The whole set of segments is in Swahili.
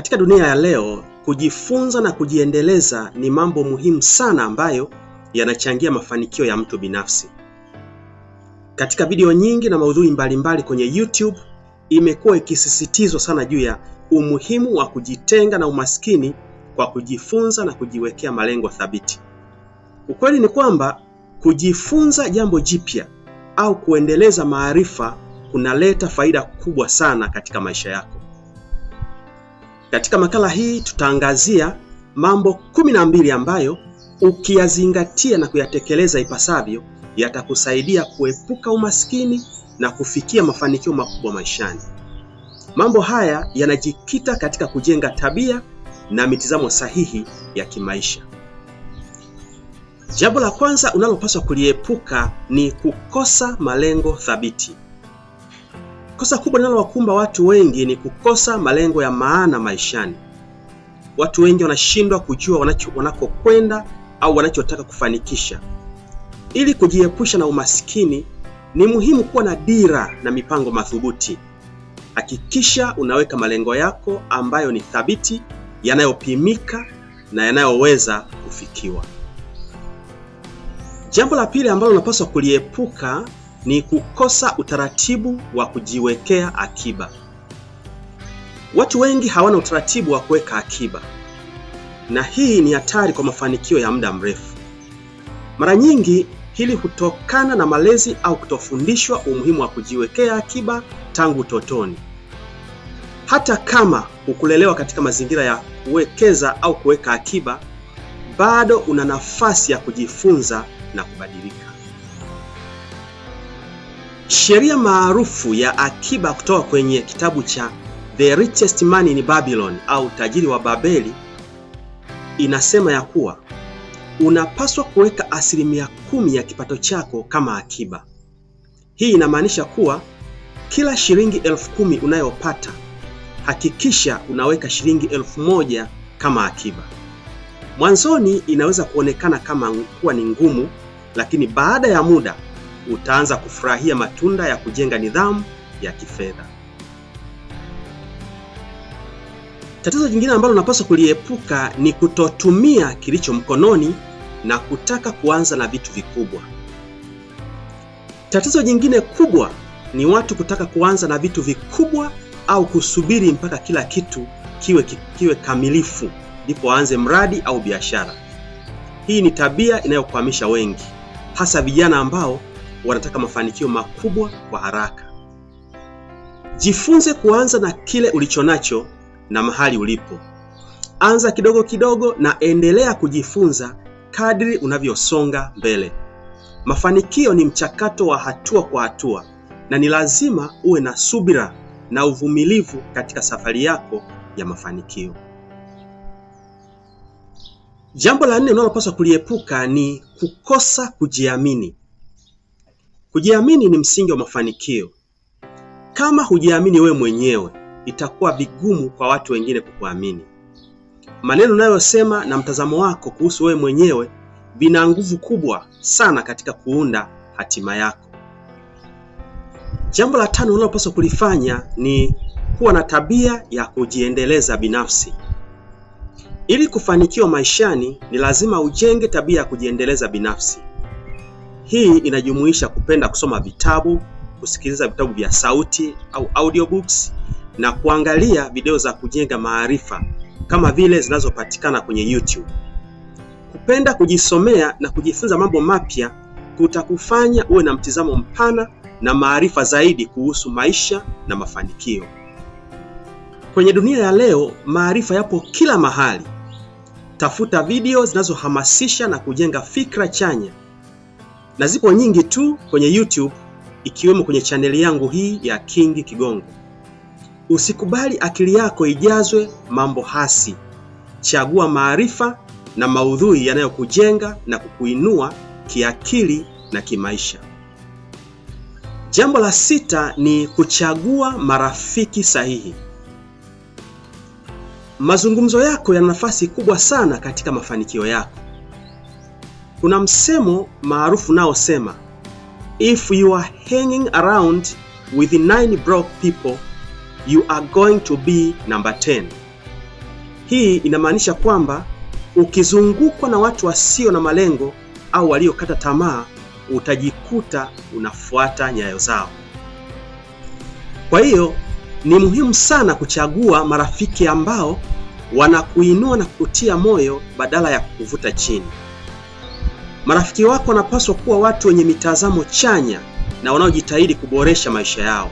Katika dunia ya leo, kujifunza na kujiendeleza ni mambo muhimu sana ambayo yanachangia mafanikio ya mtu binafsi. Katika video nyingi na maudhui mbalimbali mbali kwenye YouTube imekuwa ikisisitizwa sana juu ya umuhimu wa kujitenga na umaskini kwa kujifunza na kujiwekea malengo thabiti. Ukweli ni kwamba kujifunza jambo jipya au kuendeleza maarifa kunaleta faida kubwa sana katika maisha yako. Katika makala hii tutaangazia mambo kumi na mbili ambayo ukiyazingatia na kuyatekeleza ipasavyo yatakusaidia kuepuka umaskini na kufikia mafanikio makubwa maishani. Mambo haya yanajikita katika kujenga tabia na mitizamo sahihi ya kimaisha. Jambo la kwanza unalopaswa kuliepuka ni kukosa malengo thabiti. Kosa kubwa linalowakumba watu wengi ni kukosa malengo ya maana maishani. Watu wengi wanashindwa kujua wanakokwenda au wanachotaka kufanikisha. Ili kujiepusha na umaskini, ni muhimu kuwa na dira na mipango madhubuti. Hakikisha unaweka malengo yako ambayo ni thabiti, yanayopimika na yanayoweza kufikiwa. Jambo la pili ambalo unapaswa kuliepuka ni kukosa utaratibu wa kujiwekea akiba. Watu wengi hawana utaratibu wa kuweka akiba, na hii ni hatari kwa mafanikio ya muda mrefu. Mara nyingi hili hutokana na malezi au kutofundishwa umuhimu wa kujiwekea akiba tangu utotoni. Hata kama hukulelewa katika mazingira ya kuwekeza au kuweka akiba, bado una nafasi ya kujifunza na kubadilika. Sheria maarufu ya akiba kutoka kwenye kitabu cha The Richest Man in Babylon au tajiri wa Babeli inasema ya kuwa unapaswa kuweka asilimia kumi ya kipato chako kama akiba. Hii inamaanisha kuwa kila shilingi elfu kumi unayopata hakikisha unaweka shilingi elfu moja kama akiba. Mwanzoni inaweza kuonekana kama kuwa ni ngumu, lakini baada ya muda utaanza kufurahia matunda ya kujenga nidhamu ya kifedha. Tatizo jingine ambalo unapaswa kuliepuka ni kutotumia kilicho mkononi na kutaka kuanza na vitu vikubwa. Tatizo jingine kubwa ni watu kutaka kuanza na vitu vikubwa au kusubiri mpaka kila kitu kiwe, kiwe kamilifu ndipo waanze mradi au biashara. Hii ni tabia inayokwamisha wengi, hasa vijana ambao wanataka mafanikio makubwa kwa haraka. Jifunze kuanza na kile ulichonacho na mahali ulipo. Anza kidogo kidogo na endelea kujifunza kadri unavyosonga mbele. Mafanikio ni mchakato wa hatua kwa hatua, na ni lazima uwe na subira na uvumilivu katika safari yako ya mafanikio. Jambo la nne unalopaswa kuliepuka ni kukosa kujiamini. Kujiamini ni msingi wa mafanikio. Kama hujiamini wewe mwenyewe, itakuwa vigumu kwa watu wengine kukuamini. Maneno unayosema na mtazamo wako kuhusu wewe mwenyewe vina nguvu kubwa sana katika kuunda hatima yako. Jambo la tano unalopaswa kulifanya ni kuwa na tabia ya kujiendeleza binafsi. Ili kufanikiwa maishani, ni lazima ujenge tabia ya kujiendeleza binafsi. Hii inajumuisha kupenda kusoma vitabu, kusikiliza vitabu vya sauti au audiobooks na kuangalia video za kujenga maarifa kama vile zinazopatikana kwenye YouTube. Kupenda kujisomea na kujifunza mambo mapya kutakufanya uwe na mtizamo mpana na maarifa zaidi kuhusu maisha na mafanikio. Kwenye dunia ya leo, maarifa yapo kila mahali. Tafuta video zinazohamasisha na kujenga fikra chanya na zipo nyingi tu kwenye YouTube ikiwemo kwenye chaneli yangu hii ya King Kigongo. Usikubali akili yako ijazwe mambo hasi. Chagua maarifa na maudhui yanayokujenga na kukuinua kiakili na kimaisha. Jambo la sita ni kuchagua marafiki sahihi. Mazungumzo yako yana nafasi kubwa sana katika mafanikio yako. Kuna msemo maarufu unaosema if you are hanging around with nine broke people you are going to be number 10. Hii inamaanisha kwamba ukizungukwa na watu wasio na malengo au waliokata tamaa utajikuta unafuata nyayo zao. Kwa hiyo ni muhimu sana kuchagua marafiki ambao wanakuinua na kutia moyo badala ya kukuvuta chini. Marafiki wako wanapaswa kuwa watu wenye mitazamo chanya na wanaojitahidi kuboresha maisha yao.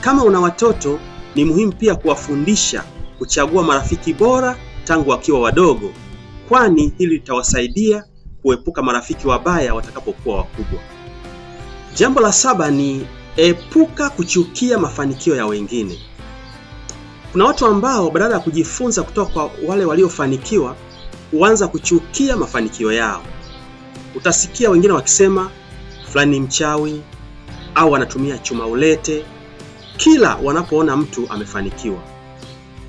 Kama una watoto, ni muhimu pia kuwafundisha kuchagua marafiki bora tangu wakiwa wadogo, kwani hili litawasaidia kuepuka marafiki wabaya watakapokuwa wakubwa. Jambo la saba ni epuka kuchukia mafanikio ya wengine. Kuna watu ambao badala ya kujifunza kutoka kwa wale waliofanikiwa huanza kuchukia mafanikio yao. Utasikia wengine wakisema fulani mchawi au wanatumia chuma ulete kila wanapoona mtu amefanikiwa.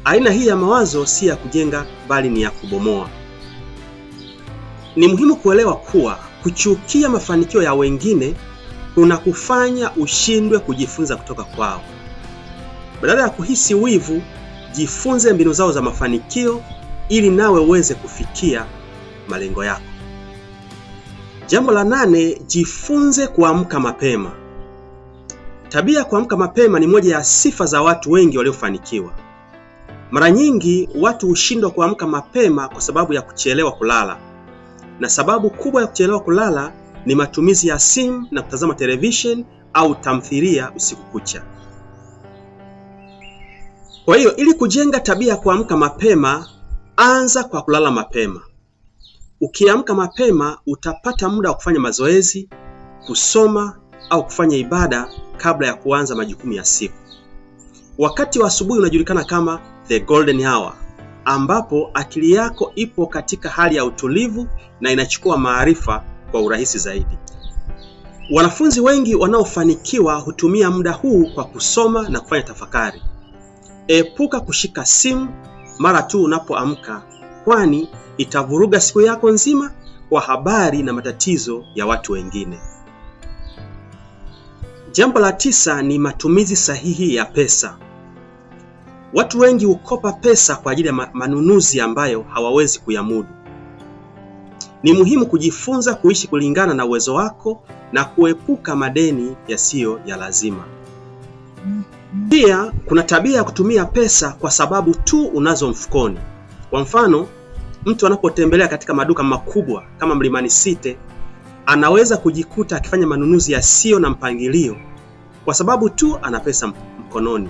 Aina hii ya mawazo si ya kujenga, bali ni ya kubomoa. Ni muhimu kuelewa kuwa kuchukia mafanikio ya wengine kuna kufanya ushindwe kujifunza kutoka kwao. Badala ya kuhisi wivu, jifunze mbinu zao za mafanikio ili nawe uweze kufikia malengo yako. Jambo la nane, jifunze kuamka mapema. Tabia ya kuamka mapema ni moja ya sifa za watu wengi waliofanikiwa. Mara nyingi watu hushindwa kuamka mapema kwa sababu ya kuchelewa kulala, na sababu kubwa ya kuchelewa kulala ni matumizi ya simu na kutazama television au tamthilia usiku kucha. Kwa hiyo, ili kujenga tabia ya kuamka mapema, anza kwa kulala mapema. Ukiamka mapema utapata muda wa kufanya mazoezi, kusoma au kufanya ibada kabla ya kuanza majukumu ya siku. Wakati wa asubuhi unajulikana kama the golden hour, ambapo akili yako ipo katika hali ya utulivu na inachukua maarifa kwa urahisi zaidi. Wanafunzi wengi wanaofanikiwa hutumia muda huu kwa kusoma na kufanya tafakari. Epuka kushika simu mara tu unapoamka kwani itavuruga siku yako nzima kwa habari na matatizo ya watu wengine. Jambo la tisa ni matumizi sahihi ya pesa. Watu wengi hukopa pesa kwa ajili ya manunuzi ambayo hawawezi kuyamudu. Ni muhimu kujifunza kuishi kulingana na uwezo wako na kuepuka madeni yasiyo ya lazima. Pia kuna tabia ya kutumia pesa kwa sababu tu unazo mfukoni. Kwa mfano, mtu anapotembelea katika maduka makubwa kama Mlimani City anaweza kujikuta akifanya manunuzi yasiyo na mpangilio kwa sababu tu ana pesa mkononi.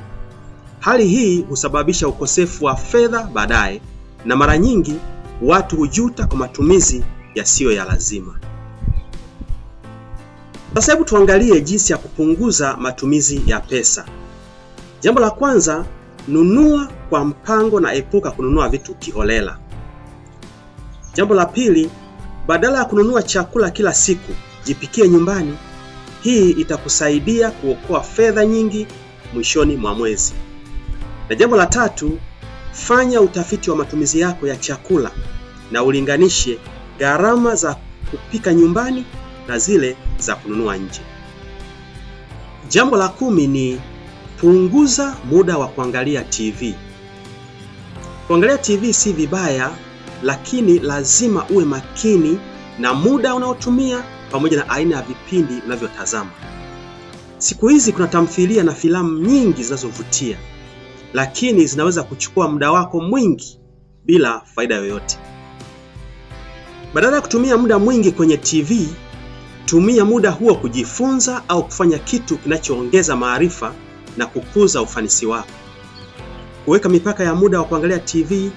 Hali hii husababisha ukosefu wa fedha baadaye, na mara nyingi watu hujuta kwa matumizi yasiyo ya lazima. Sasa hebu tuangalie jinsi ya kupunguza matumizi ya pesa. Jambo la kwanza, nunua kwa mpango na epuka kununua vitu kiholela. Jambo la pili, badala ya kununua chakula kila siku, jipikie nyumbani. Hii itakusaidia kuokoa fedha nyingi mwishoni mwa mwezi. Na jambo la tatu, fanya utafiti wa matumizi yako ya chakula na ulinganishe gharama za kupika nyumbani na zile za kununua nje. Jambo la kumi ni punguza muda wa kuangalia TV. Kuangalia TV si vibaya, lakini lazima uwe makini na muda unaotumia pamoja na aina ya vipindi unavyotazama. Siku hizi kuna tamthilia na filamu nyingi zinazovutia, lakini zinaweza kuchukua muda wako mwingi bila faida yoyote. Badala ya kutumia muda mwingi kwenye TV, tumia muda huo kujifunza au kufanya kitu kinachoongeza maarifa na kukuza ufanisi wako. Kuweka mipaka ya muda wa kuangalia TV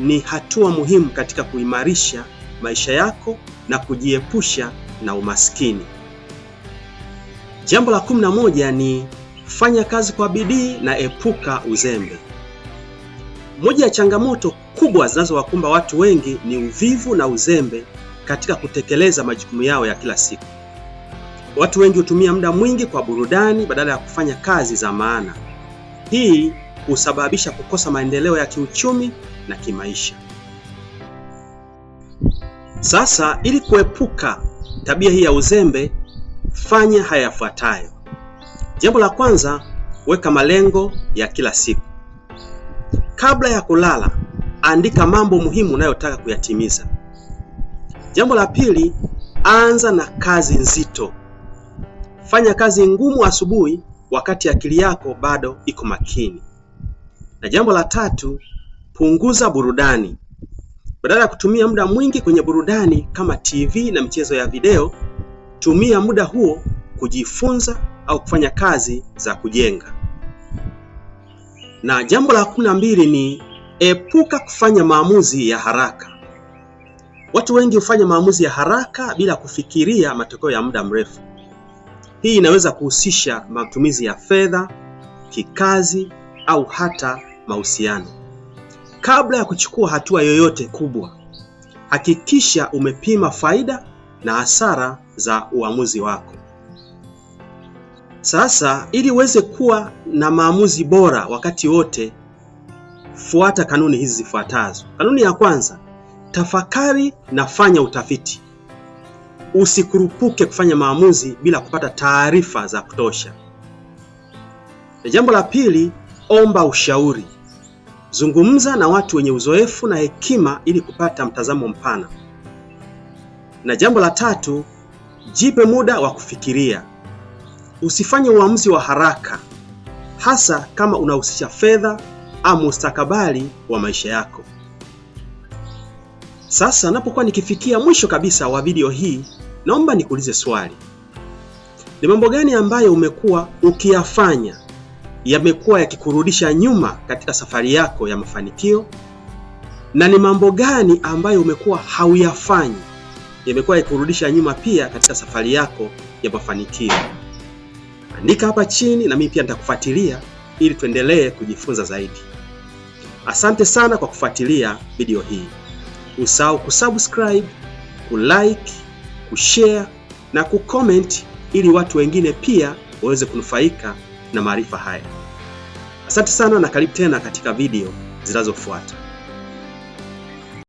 ni hatua muhimu katika kuimarisha maisha yako na kujiepusha na umaskini. Jambo la kumi na moja ni fanya kazi kwa bidii na epuka uzembe. Moja ya changamoto kubwa zinazowakumba watu wengi ni uvivu na uzembe katika kutekeleza majukumu yao ya kila siku. Watu wengi hutumia muda mwingi kwa burudani badala ya kufanya kazi za maana. Hii husababisha kukosa maendeleo ya kiuchumi na kimaisha. Sasa, ili kuepuka tabia hii ya uzembe, fanya haya yafuatayo. Jambo la kwanza, weka malengo ya kila siku. Kabla ya kulala, andika mambo muhimu unayotaka kuyatimiza. Jambo la pili, anza na kazi nzito. Fanya kazi ngumu asubuhi wakati akili yako bado iko makini. Na jambo la tatu, punguza burudani. Badala ya kutumia muda mwingi kwenye burudani kama TV na michezo ya video, tumia muda huo kujifunza au kufanya kazi za kujenga. Na jambo la kumi na mbili ni epuka kufanya maamuzi ya haraka. Watu wengi hufanya maamuzi ya haraka bila kufikiria matokeo ya muda mrefu. Hii inaweza kuhusisha matumizi ya fedha, kikazi au hata mahusiano. Kabla ya kuchukua hatua yoyote kubwa, hakikisha umepima faida na hasara za uamuzi wako. Sasa, ili uweze kuwa na maamuzi bora wakati wote, fuata kanuni hizi zifuatazo. Kanuni ya kwanza, tafakari na fanya utafiti. Usikurupuke kufanya maamuzi bila kupata taarifa za kutosha. Na jambo la pili, omba ushauri. Zungumza na watu wenye uzoefu na hekima ili kupata mtazamo mpana. Na jambo la tatu, jipe muda wa kufikiria. Usifanye uamuzi wa haraka, hasa kama unahusisha fedha au mustakabali wa maisha yako. Sasa napokuwa nikifikia mwisho kabisa wa video hii, naomba nikuulize swali: ni mambo gani ambayo umekuwa ukiyafanya yamekuwa yakikurudisha nyuma katika safari yako ya mafanikio, na ni mambo gani ambayo umekuwa hauyafanyi yamekuwa yakikurudisha nyuma pia katika safari yako ya mafanikio. Andika hapa chini na mimi pia nitakufuatilia ili tuendelee kujifunza zaidi. Asante sana kwa kufuatilia video hii. Usahau kusubscribe, kulike, kushare na kucomment ili watu wengine pia waweze kunufaika na maarifa haya. Asante sana na karibu tena katika video zinazofuata.